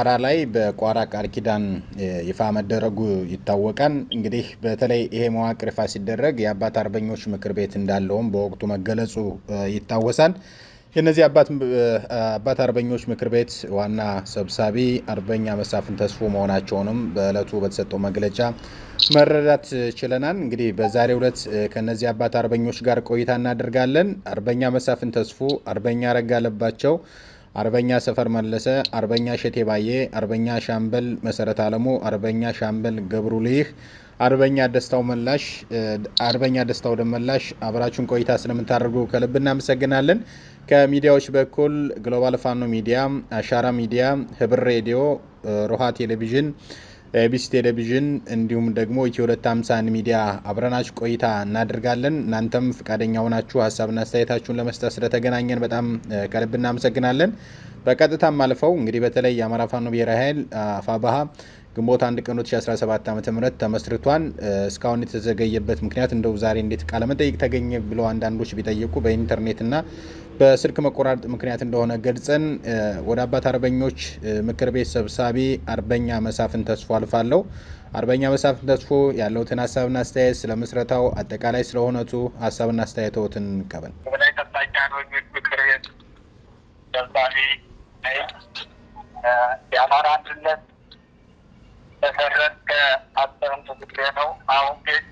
ቋራ ላይ በቋራ ቃል ኪዳን ይፋ መደረጉ ይታወቃል። እንግዲህ በተለይ ይሄ መዋቅር ይፋ ሲደረግ የአባት አርበኞች ምክር ቤት እንዳለውም በወቅቱ መገለጹ ይታወሳል። የእነዚህ አባት አርበኞች ምክር ቤት ዋና ሰብሳቢ አርበኛ መሳፍን ተስፎ መሆናቸውንም በዕለቱ በተሰጠው መግለጫ መረዳት ችለናል። እንግዲህ በዛሬ ዕለት ከእነዚህ አባት አርበኞች ጋር ቆይታ እናደርጋለን። አርበኛ መሳፍን ተስፎ፣ አርበኛ አረጋ አለባቸው አርበኛ ሰፈር መለሰ፣ አርበኛ ሸቴ ባዬ፣ አርበኛ ሻምበል መሰረት አለሙ፣ አርበኛ ሻምበል ገብሩ ልይህ፣ አርበኛ ደስታው መላሽ፣ አርበኛ ደስታው ደመላሽ አብራችሁን ቆይታ ስለምታደርጉ ከልብ እናመሰግናለን። ከሚዲያዎች በኩል ግሎባል ፋኖ ሚዲያ፣ አሻራ ሚዲያ፣ ህብር ሬዲዮ፣ ሮሃ ቴሌቪዥን ኤቢሲ ቴሌቪዥን እንዲሁም ደግሞ ኢትዮ 251 ሚዲያ አብረናችሁ ቆይታ እናደርጋለን። እናንተም ፈቃደኛ ሆናችሁ ሀሳብና አስተያየታችሁን ለመስጠት ስለተገናኘን በጣም ከልብ እናመሰግናለን። በቀጥታም አልፈው እንግዲህ በተለይ የአማራ ፋኖ ብሔራዊ ኃይል አፋባሃ ግንቦት አንድ ቀን 2017 ዓ ም ተመስርቷል። እስካሁን የተዘገየበት ምክንያት እንደው ዛሬ እንዴት ቃለመጠይቅ ተገኘ ብለው አንዳንዶች ቢጠይቁ በኢንተርኔትና በስልክ መቆራረጥ ምክንያት እንደሆነ ገልጸን ወደ አባት አርበኞች ምክር ቤት ሰብሳቢ አርበኛ መሳፍን ተስፎ አልፋለሁ። አርበኛ መሳፍን ተስፎ ያለውትን ሀሳብና አስተያየት ስለ ምስረታው፣ አጠቃላይ ስለ ሆነቱ ሀሳብና አስተያየተውትን ከበል በላይ ጠባቂ አርበኞች ምክር ቤት ሰብሳቢ የአማራ አንድነት መሰረት ከአጠንቱ ጉዳይ ነው። አሁን ግን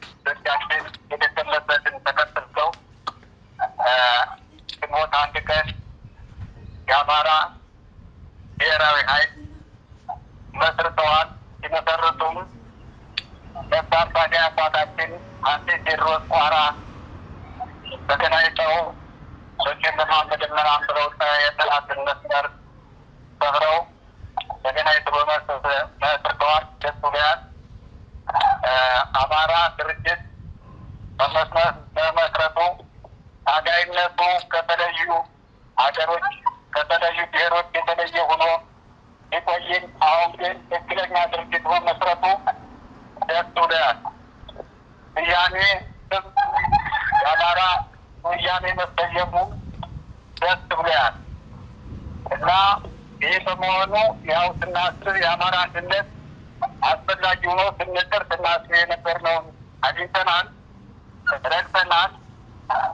ጀመረ አንብረው የተላትን መስመር ለአማራ ክልል አስፈላጊ ሆኖ ስንጥር ስናስብ የነበርነውን አግኝተናል፣ ረግተናል።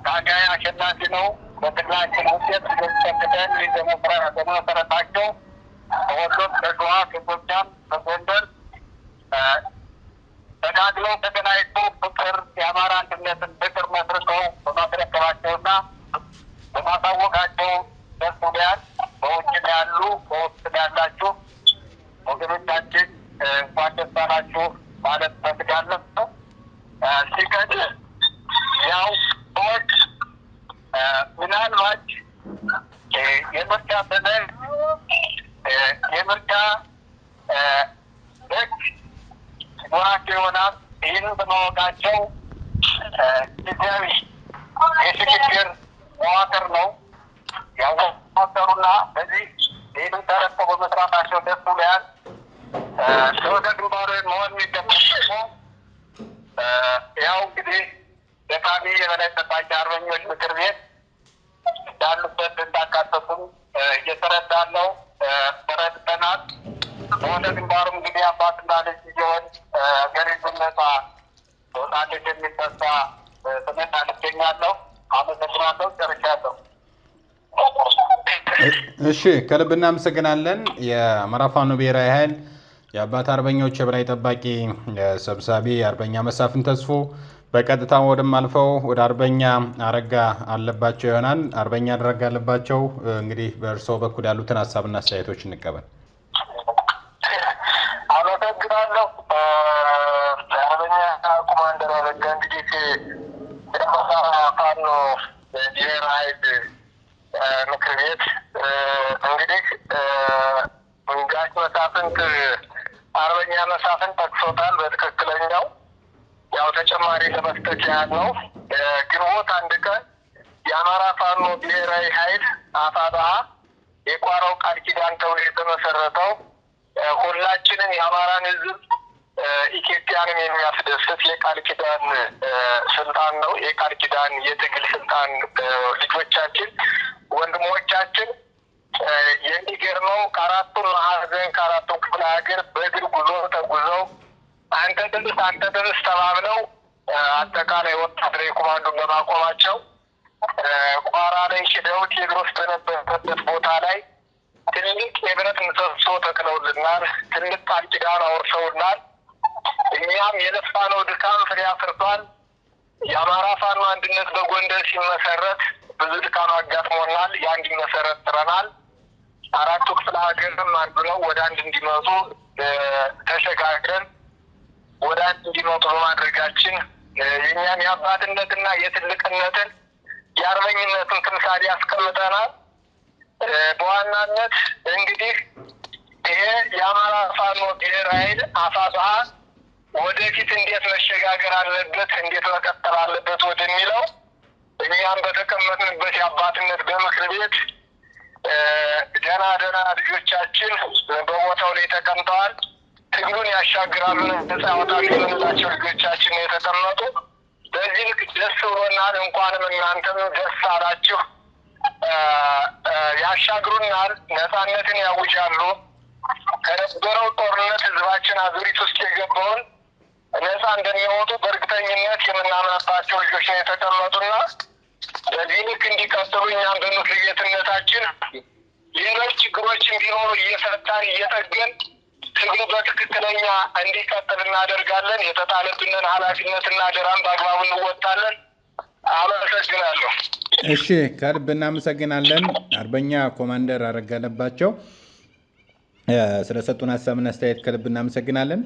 ታጋይ አሸናፊ ነው። በትግላችን ውጤት ገብተን ዲሞክራሲ በመሰረታቸው በወሎም፣ በሸዋ፣ በጎጃም፣ በጎንደር ተጋግለው ተገናኝቶ ፍቅር የአማራ አንድነትን ፍቅር መስርተው በማስረከባቸውና በማሳወቃቸው ደስ ብሎናል። በውጭ ያሉ በውስጥ ያላችሁ ወገኖቻችን እንኳን ደስ አላችሁ ማለት እፈልጋለሁ። ሲቀጥል ያው ሰዎች ምናልባት የምርጫ በደል የምርጫ ህግ ሲኖራቸው ይሆናል። ይህንን በማወቃቸው ጊዜያዊ የሽግግር መዋቅር ነው ያዋቀሩና በዚህ ይህን በመስራታቸው ደስ ብሎናል። ለወደ ግንባሩ መሆን የሚገባቸው ያው እንግዲህ ደካቢ የበላይ ጠባቂ አርበኞች ምክር ቤት እንዳሉበት እንዳካተቱም እየተረዳለው ተረድተናል። በወደ ግንባሩ እንግዲህ አባትና ልጅ ጊዜዎች ገሪዙ ነጻ ወጣቶች የሚፈሳ ትምህርት አንገኛለሁ። አመሰግናለሁ። ጨርሻለሁ። እሺ ከልብ እናመሰግናለን። የአማራ ፋኖ ብሔራዊ ኃይል የአባት አርበኛዎች የበላይ ጠባቂ ሰብሳቢ አርበኛ መሳፍን ተስፎ በቀጥታ ወደም አልፈው ወደ አርበኛ አረጋ አለባቸው ይሆናል። አርበኛ አረጋ አለባቸው እንግዲህ በእርስዎ በኩል ያሉትን ሀሳብና አስተያየቶች እንቀበል። አመሰግናለሁ። አርበኛ ኮማንደር አረጋ እንግዲህ ፋኖ ብሔራዊ ኃይል ምክር ቤት እንግዲህ ጋሽ መሳፍንት አርበኛ መሳፍንት ጠቅሶታል። በትክክለኛው ያው ተጨማሪ ለመስጠት ያህል ነው። ግንቦት አንድ ቀን የአማራ ፋኖ ብሔራዊ ኃይል አፋብሃ የቋራው ቃል ኪዳን ተብሎ የተመሰረተው ሁላችንም የአማራን ሕዝብ ኢትዮጵያንን የሚያስደስት የቃል ኪዳን ስልጣን ነው። የቃል ኪዳን የትግል ስልጣን ልጆቻችን፣ ወንድሞቻችን የሚገርመው ከአራቱም ማዕዘን ከአራቱም ክፍለ ሀገር በእግር ጉዞ ተጉዘው አንተ ድምፅ አንተ ድምፅ ተባብለው አጠቃላይ ወታደራዊ ኮማንዶን በማቆማቸው ቋራ ላይ ሂደው ቴዎድሮስ በነበረበት ቦታ ላይ ትልቅ የብረት ምሰሶ ተክለውልናል። ትልቅ ቃል ኪዳን አውርሰውናል። እኛም የለፋነው ድካም ፍሬ አፍርቷል። የአማራ ፋኖ አንድነት በጎንደር ሲመሰረት ብዙ ድካም አጋጥሞናል። የአንድ መሰረት ጥረናል። አራቱ ክፍለ ሀገርም አንዱ ነው። ወደ አንድ እንዲመጡ ተሸጋግረን ወደ አንድ እንዲመጡ በማድረጋችን የእኛን የአባትነትና የትልቅነትን የአርበኝነትን ትምሳሌ ያስቀምጠናል። በዋናነት እንግዲህ ይሄ የአማራ ፋኖ ብሔር ኃይል አፋብሃ ወደፊት እንዴት መሸጋገር አለበት፣ እንዴት መቀጠል አለበት ወደሚለው እኛም በተቀመጥንበት የአባትነት በምክር ቤት ደህና ደህና ልጆቻችን በቦታው ላይ ተቀምጠዋል። ትግሉን ያሻግራሉ፣ ነጻ የምንላቸው ልጆቻችን የተቀመጡ በዚህ ደስ ብሎናል። እንኳንም እናንተም ደስ አላችሁ። ያሻግሩናል፣ ነፃነትን ያውጃሉ። ከነበረው ጦርነት ህዝባችን አዙሪት ውስጥ የገባውን ነፃ እንደሚወጡ በእርግጠኝነት የምናምናባቸው ልጆች ነው የተቀመጡና በዚህ ልክ እንዲቀጥሉ እኛም በምክር ቤትነታችን ሌሎች ችግሮች እንዲኖሩ እየፈታን እየጠገን ትግሉ በትክክለኛ እንዲቀጥል እናደርጋለን። የተጣለብንን እና ደራን በአግባቡ እንወጣለን። አመሰግናለሁ። እሺ፣ ከልብ እናመሰግናለን አርበኛ ኮማንደር አረጋለባቸው ስለሰጡን ሀሳብና አስተያየት ከልብ እናመሰግናለን።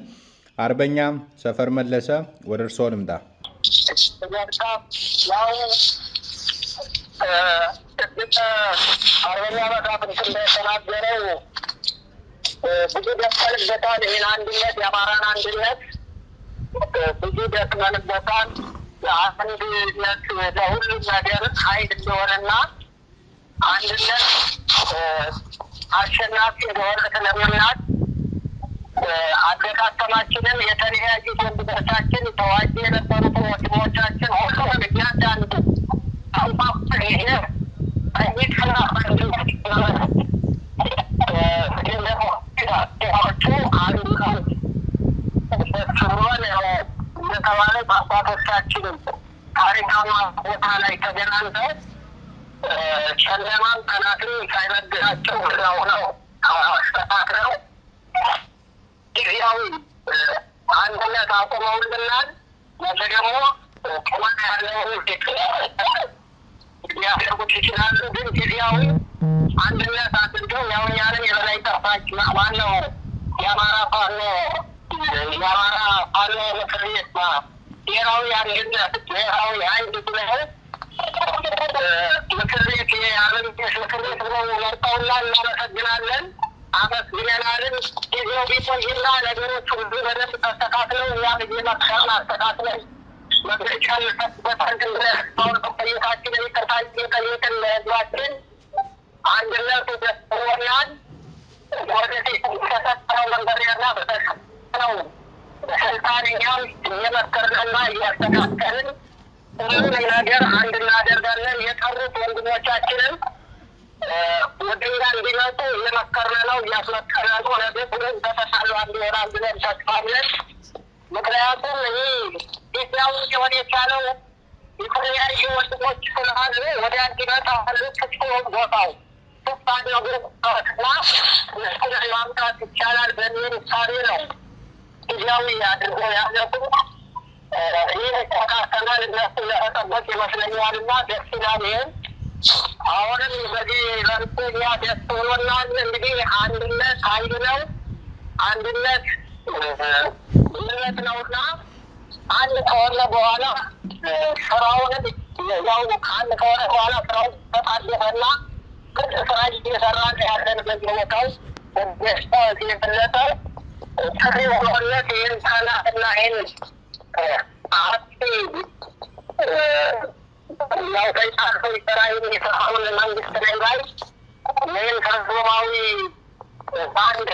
አርበኛ ሰፈር መለሰ ወደ እርስዎ ልምጣ። አርበኛ መሳፍንት እንደተናገረው ብዙ ደክመንበታል። ይህን አንድነት የአማራን አንድነት ብዙ ደክመንበታል። አንድነት ለሁሉም ነገር ኃይል እንደሆነና አንድነት አሸናፊ እንደሆነ ስለምናት አገጣጠማችንን የተለያዩ ወንድሞቻችን ተዋጊ የነበሩት ወንድሞቻችን ሁሉም እያንዳንዱ የተባለ ታሪካማ ቦታ ላይ ቀናትን ሳይበግራቸው ነው ነው አስተካክለው ጊዜያዊ አንድነት አቆመውልናል። ነገ ደግሞ ቁመና ያለው ሊያደርጉት ይችላሉ። ግን ጊዜያዊ አንድነት አድርገው ያው እኛንም የበላይ ጠፋች ማነው የአማራ ፋኖ የአማራ ፋኖ ምክር ቤት ብሔራዊ አንድነት ብሔራዊ አንድ ብለው ምክር ቤት የአለም ምክር ቤት ብለው መርጠውና እናመሰግናለን። አመት ብለናልን ጊዜው ቢቆይና ነገሮች ሁሉ በደንብ ተስተካክለው እኛም እየመከርን አስተካክለን መግለጫ ልሰጥበት አንድነት አሁን መቆየታችን ይቅርታ እየጠየቅን ለህዝባችን አንድነቱ ደስሆናል ወደፊት ተሰጠረው መንገድና በተሰጠነው ስልጣን እኛም እየመከርንና እያስተካከልን ሁሉንም ነገር አንድ እናደርጋለን የቀሩት ወንድሞቻችንን ወደ እኛ እንዲመጡ እየመከርን ነው፣ እያስመከርን ነው። ወደፊት ግን በተሻለ አንድ ይሆናል ብለን ተስፋለን። ምክንያቱም ይህ ኢትዮጵያ ውስጥ የሆነ የቻለው የተለያዩ ወንድሞች ስለአሉ ወደ እንዲመጣ አሉ ክፍት ቦታው ይቻላል በሚል ነው ጊዜያዊ አድርጎ ያለቁ ይህ ተካተናል እነሱ ለተጠበቅ ይመስለኛልና ደስ ይላል ይህም አሁንም በዚህ በርኩያ ደስ ብሎናል። እንግዲህ አንድነት ኃይል ነው። አንድነት ጉልበት ነውና አንድ ከሆነ በኋላ ስራውንም ያው አንድ ከሆነ በኋላ ስራውን ተጣደፈና ግድ ስራ እየሰራ ያለን በዚህ ሁኔታ ውስጥ ደስታ የበለጠ ጥሪ ሆነት ይህን ታላቅና ይህን አርቴ ያው ከጫፎ እስራኤል የሰራውን መንግስት ላይ ላይ ምን ተርጎማዊ አንድ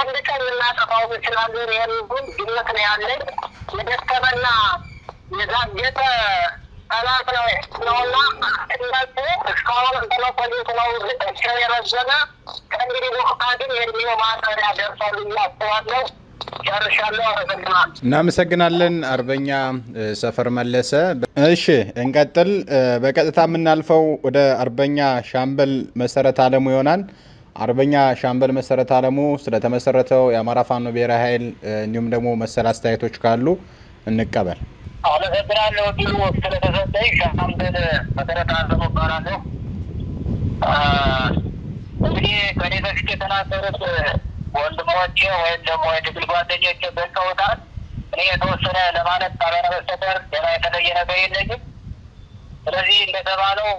አንድ ቀን ልናጠፋው እንችላለን። ይህን ሁሉ ግምት ነው ያለን። የደከመና የዛገጠ ጠላት ነው ነውና እንደቁ እስካሁን በመቆየት ነው ዝቅቸው የረዘመ ከእንግዲህ በኋላ ግን የእድሜው ማጠሪያ ደርሷል ብዬ እናመሰግናለን አርበኛ ሰፈር መለሰ። እሺ እንቀጥል። በቀጥታ የምናልፈው ወደ አርበኛ ሻምበል መሰረት አለሙ ይሆናል። አርበኛ ሻምበል መሰረት አለሙ ስለተመሰረተው የአማራ ፋኖ ብሔራዊ ኃይል እንዲሁም ደግሞ መሰል አስተያየቶች ካሉ እንቀበል። አመሰግናለሁ ድሉ ስለተሰጠኝ። ሻምበል መሰረት አለሙ እባላለሁ። እንግዲህ ከኔ በፊት የተናገሩት ወንድሞቼ ወይም ደግሞ የትግል ጓደኞቼ ገልጸውታል። እኔ የተወሰነ ለማለት ካልሆነ በስተቀር ሌላ የተለየ ነገር የለኝም። ስለዚህ እንደተባለው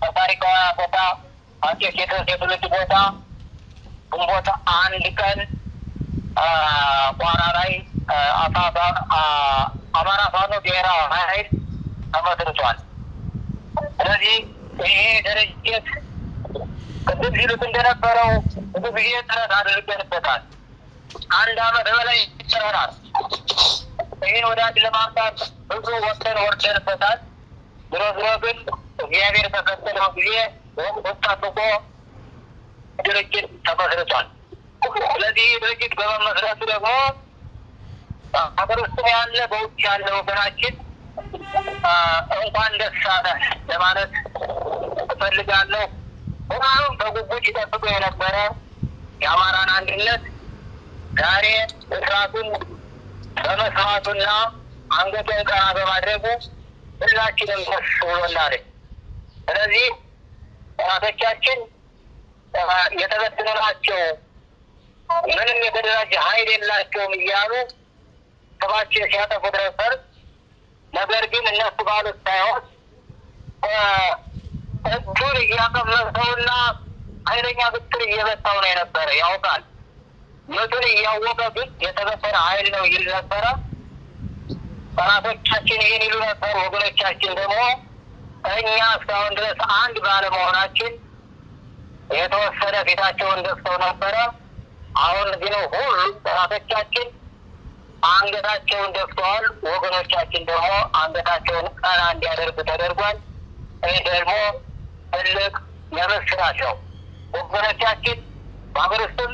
በታሪካዊ ቦታ አጼ ቴዎድሮስ የትውልድ ቦታ ግንቦት አንድ ቀን ቋራ ላይ አማራ ፋኖ ብሔራዊ ኃይል ተመስርቷል። ስለዚህ ይሄ ድርጅት ቅድም ሲሉት እንደነበረው ብዙ ጊዜ ጥረት አድርገንበታል። አንድ አመት በላይ ይጨረራል። ይህን ወደ አንድ ለማምጣት ብዙ ወሰን ወርደንበታል። ዝሮ ዝሮ ግን እግዚአብሔር በፈቀደው ጊዜ ወቅቱን ድርጅት ተመስርቷል። ስለዚህ ድርጅት በመመስረቱ ደግሞ ሀገር ውስጥ ያለ በውጭ ያለ ወገናችን እንኳን ደስ አለ ለማለት እፈልጋለሁ። ሁሉም በጉጉት ይጠብቁ የነበረ የአማራን አንድነት ዛሬ እስራቱን በመስዋዕቱና አንገቱን ቀና በማድረጉ ሁላችንም ደስ ብሎናል። ስለዚህ ጠላቶቻችን የተበተኑ ምንም የተደራጀ ኃይል የላቸውም እያሉ ስማችን ሲያጠፉ ነበር። ነገር ግን እነሱ ባሉት ሳይሆን እጁን እያቀመሰው ኃይለኛ ብትር እየመታው ነው የነበረ ያውቃል። ምድር እያወቀ ግን የተበሰረ ኃይል ነው ይል ነበረ። ጠላቶቻችን ይህን ይሉ ነበር። ወገኖቻችን ደግሞ እኛ እስካሁን ድረስ አንድ ባለመሆናችን የተወሰነ ፊታቸውን ደፍተው ነበረ። አሁን ግን ሁሉ ጠላቶቻችን አንገታቸውን ደፍተዋል። ወገኖቻችን ደግሞ አንገታቸውን ቀና እንዲያደርጉ ተደርጓል። ይህ ደግሞ ትልቅ የምስራች ነው። ወገኖቻችን በሀገር ውስጥም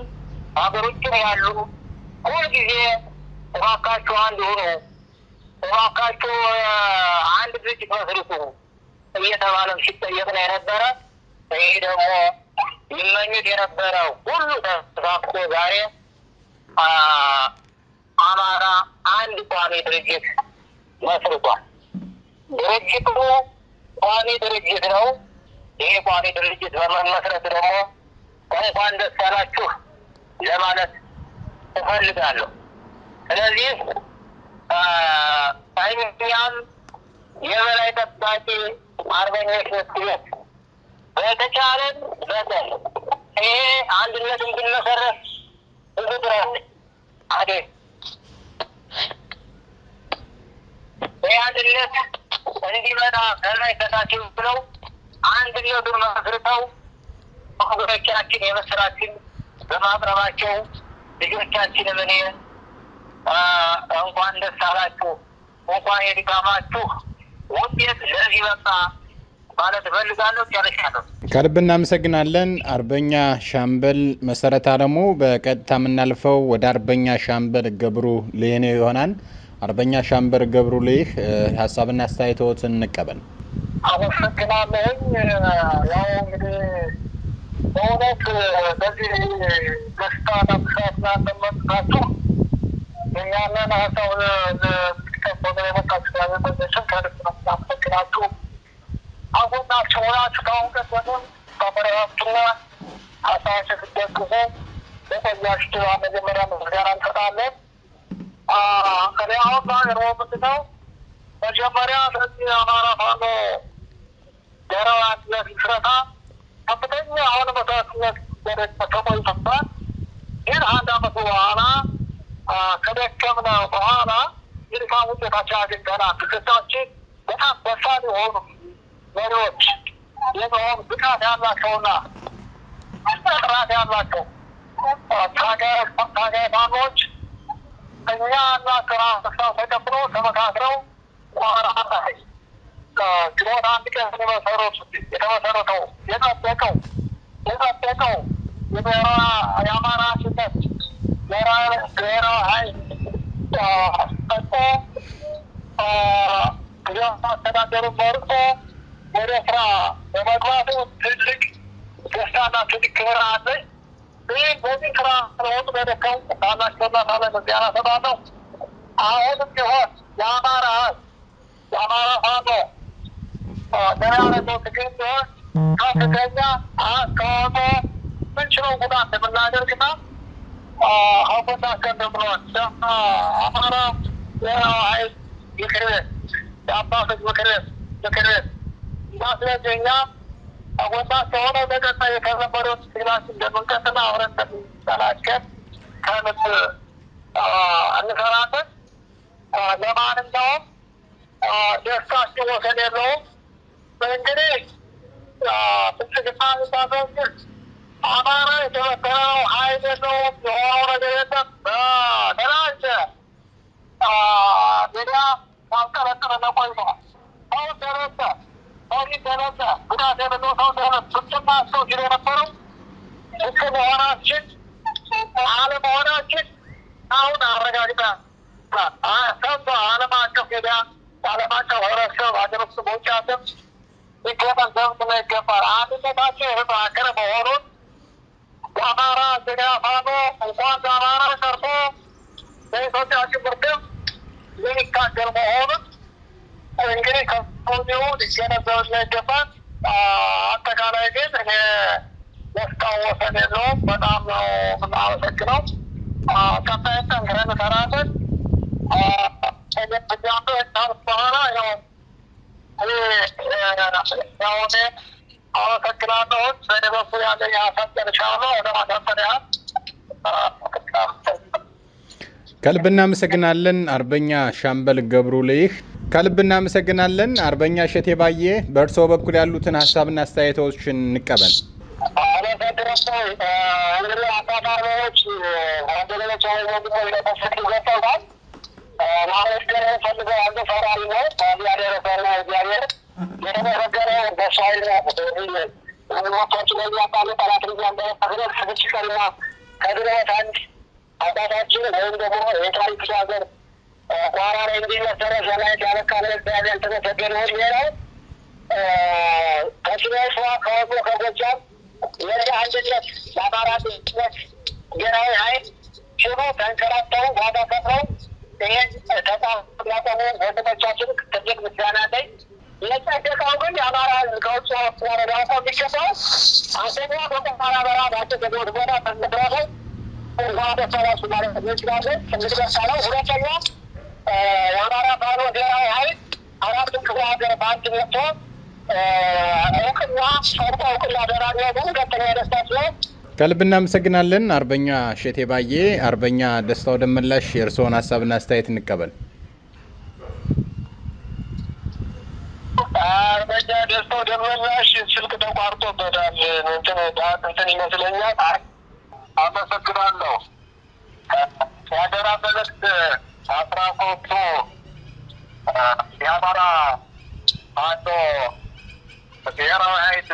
በሀገር ውጭም ያሉ ሁልጊዜ እባካችሁ አንድ ሁኑ፣ እባካችሁ አንድ ድርጅት መስርቱ እየተባለም ሲጠየቅ ነው የነበረ። ይህ ደግሞ ይመኙት የነበረ ሁሉ ተሳክቶ ዛሬ አማራ አንድ ቋሚ ድርጅት መስርቷል። ድርጅቱ ቋሚ ድርጅት ነው። ይሄ ቋሚ ድርጅት በመመስረት ደግሞ እንኳን ደስ አላችሁ ለማለት እፈልጋለሁ። ስለዚህ እኛም የበላይ ጠባቂ አርበኞች ምክር በተቻለን በተል ይሄ አንድነት እንድንመሰረት ብዙ ጥረት አደ ይህ አንድነት እንዲመጣ ከላይ ከታች ብለው አንድ ሊወዱ መስርተው ወገኖቻችን የመስራችን በማቅረባቸው ልጆቻችን ምን እንኳን ደስ አላችሁ እንኳን የድካማችሁ ውጤት ለዚህ በቃ ማለት እፈልጋለሁ። ጨርሻለሁ። ከልብ እናመሰግናለን አርበኛ ሻምበል መሰረት አለሙ። በቀጥታ የምናልፈው ወደ አርበኛ ሻምበል ገብሩ ልይህ ነው ይሆናል። አርበኛ ሻምበል ገብሩ ልይህ ሀሳብና አስተያየቶትን እንቀበል። አመሰግናለሁኝ። ያው እንግዲህ በእውነት በዚህ ደስታ ናብሳት ናለመጣችሁ እኛንን ሀሳብ ሚቀበለ የመጣችሁ ያዘበዘችን ከልብ ነው አመሰግናችሁ። አሁን ናቸው ሆናችሁ ከአሁን ቀደም ተመራችሁና ሀሳባችሁ ስትደግፉ ለቆያችሁ መጀመሪያ ምስጋና እንሰጣለን። እኔ አሁን ባገር ምንድነው መጀመሪያ ለዚህ አማራ ፋኖ የራዋንነት ምስረታ ከፍተኛ አሁን መስዋዕትነት ሲደረግ ቆይቷል። ግን አንድ አመት በኋላ ከደከምነ በኋላ የድካም ውጤታችን አግኝተናል። ትክክታችን በጣም በሳል የሆኑ መሪዎች የመሆን ብቃት ያላቸውና ጥራት ያላቸው ታጋይ ፋኖች እኛ እና ስራ ተቀብሎ ተመካክረው ቆራ ችሎታ አንቀን የመሰረቱ የተመሰረተው የታጠቀው የታጠቀው የአማራ ስነት ብሔራዊ ኃይል ጠቆ ጊዜው አስተዳደሩን መርጦ ወደ ስራ በመግባቱ ትልቅ ደስታና ትልቅ ክብር አለኝ። ይህ በዚህ ስራ ስለወጡ በደከሙ ታላቸውና ታላ ዚያና ሰባለው አሁንም ቢሆን የአማራ የአማራ ፋኖ በሚያደርገው ትግል ከፍተኛ አስተዋጽኦ ምንችለው ጉዳት እንደምናደርግና ሀጎታከን ብለዋል። አማራ ሀይል ምክር ቤት የአባቶች ምክር ቤት ምክር ቤት እና ስለዚህ ከሆነ በቀጣይ የተለመደውን ትግላችን እንደምንቀጥልና አብረን እንደምንጠናከር ከምት እንሰራለን። ለማንኛውም ደስታችን ወሰን የለውም። በእንግዲህ ብልጽግና የሚባለው አለም አቀፍ ሚዲያ አለም አቀፍ ህብረተሰብ ሀገር ውስጥ በውጭ ይገባል ዘብጥነ ይገባል አንድነታቸው የተጠናከረ መሆኑን የአማራ ዜጋ ፋኖ እንኳን ለአማራ ሰርቶ ለኢትዮጵያ ሽብር የሚታገል መሆኑን እንግዲህ ከዚሁ ሊገነዘብና ይገባል። አጠቃላይ ግን እኔ ያስታወሰን የለውም። በጣም ነው የምናመሰግነው። ቀጣይ ጠንክረን እንሰራለን። ከዚያም በኋላ ያው ከልብና ያሆነ አመሰግናለሁ። በእኔ በኩል ከልብ እናመሰግናለን አርበኛ ሻምበል ገብሩ ልይህ። ከልብ እናመሰግናለን አርበኛ እሸቴ ባዬ። በእርስዎ በኩል ያሉትን ሀሳብና አስተያየቶችን እንቀበል። እንግዲህ ለተሰጡ ገብተውታል በሚያባ ተንከራተው ዋጋ ከፍለው ይህን ተቋም ያቆሙ ወንድሞቻችን ትልቅ ምስጋና አለኝ። የጸደቀው ግን የአማራ ከውጭ አንደኛ በራ ቦታ ማለት እንድትመሳለው። ሁለተኛ የአማራ ባሎ ብሔራዊ ክፍለ ሀገር በአንድ እውቅና እውቅና ሁለተኛ ከልብ እናመሰግናለን። አርበኛ ሸቴ ባዬ፣ አርበኛ ደስታው ደመላሽ የእርስዎን ሀሳብና አስተያየት እንቀበል። አርበኛ ደስታው ደመላሽ ስልክ ተቋርጦበታል። እንትን እንትን ይመስለኛል። አመሰግናለሁ። የአደራ መልዕክት አስራ ሶስቱ የአማራ ፋኖ ብሔራዊ ኃይል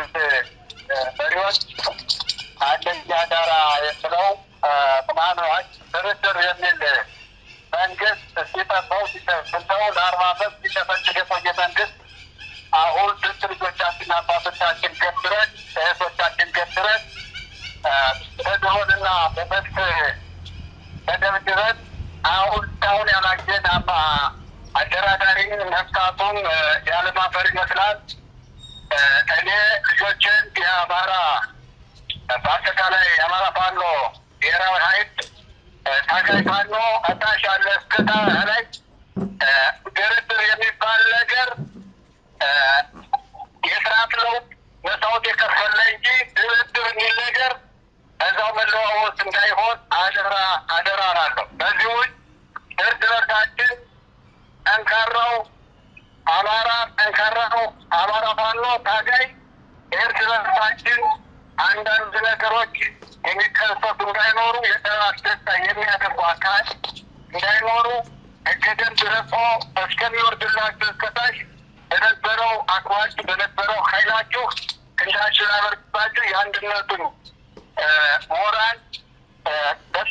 መሪዎች አንደኛ አደራ የምለው ፕላኖች ድርድር የሚል መንግስት ሲጠፋው ሲጠፍለው ለአርባ አመት ሲጨፈጭፍ የቆየ መንግስት ወንድሞቻችን ገድረን እህቶቻችን ገድረን በድሮንና በመድፍ ተደብድበን አሁን ታሁን ያላገን አማ አደራዳሪ መፍታቱም ያለማፈር ይመስላል። እኔ ልጆችን የአማራ በአጠቃላይ የአማራ ፋኖ ብሔራዊ ኃይል ታጋይ ፋኖ አታሻለ አለ እስከታ ላይ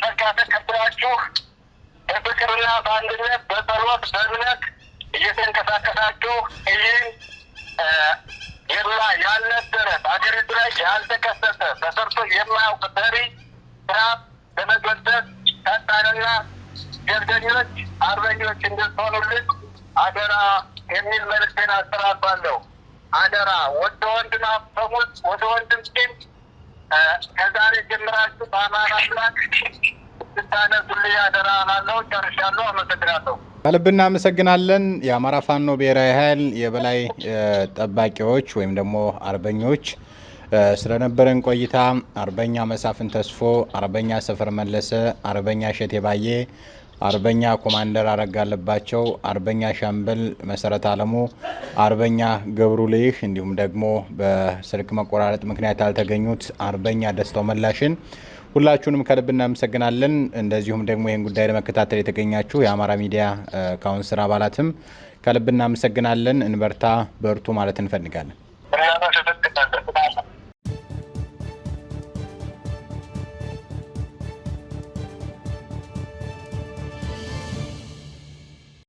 በጸጋ ተቀብላችሁ በፍቅርና በአንድነት በጸሎት በእምነት እየተንቀሳቀሳችሁ ይህን የላ ያልነበረ በአገሪቱ ላይ ያልተከሰተ በሰርቶ የማያውቅ ሰሪ ስራ ለመጎደት ፈጣንና ጀብደኞች አርበኞች እንድትሆኑልን አደራ የሚል መልእክቴን አስተላልፋለሁ። አደራ ወደ ወንድም አፈሙዝ ወደ ወንድም ጢም ከዛሬ ጀምራችሁ በአማራ ላክ ስታነሱልኝ አደራ እላለሁ። ጨርሻለሁ። አመሰግናለሁ። ከልብ እናመሰግናለን። የአማራ ፋኖ ብሔራዊ ኃይል የበላይ ጠባቂዎች ወይም ደግሞ አርበኞች ስለነበረን ቆይታ አርበኛ መሳፍን ተስፎ፣ አርበኛ ሰፈር መለሰ፣ አርበኛ ሸቴ ባዬ አርበኛ ኮማንደር አረጋ አለባቸው፣ አርበኛ ሻምበል መሰረት አለሙ፣ አርበኛ ገብሩ ልይህ እንዲሁም ደግሞ በስልክ መቆራረጥ ምክንያት ያልተገኙት አርበኛ ደስታው መላሽን ሁላችሁንም ከልብ እናመሰግናለን። እንደዚሁም ደግሞ ይህን ጉዳይ ለመከታተል የተገኛችሁ የአማራ ሚዲያ ካውንስል አባላትም ከልብ እናመሰግናለን። እንበርታ፣ በርቱ ማለት እንፈልጋለን።